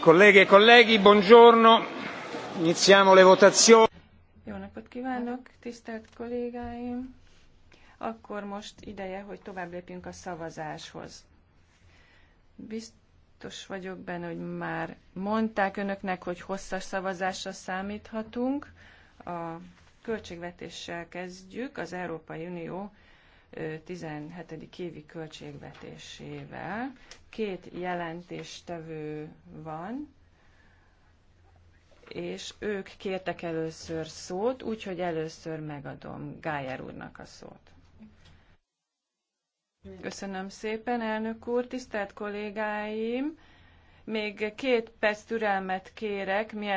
Colleghe e colleghi, buongiorno. Iniziamo le votazioni. Jó napot kívánok, tisztelt kollégáim! Akkor most ideje, hogy tovább lépjünk a szavazáshoz. Biztos vagyok benne, hogy már mondták önöknek, hogy hosszas szavazásra számíthatunk. A költségvetéssel kezdjük, az Európai Unió 17. évi költségvetésével. Két jelentéstevő van, és ők kértek először szót, úgyhogy először megadom Gájer úrnak a szót. Köszönöm szépen, elnök úr, tisztelt kollégáim! Még két perc türelmet kérek, mielőtt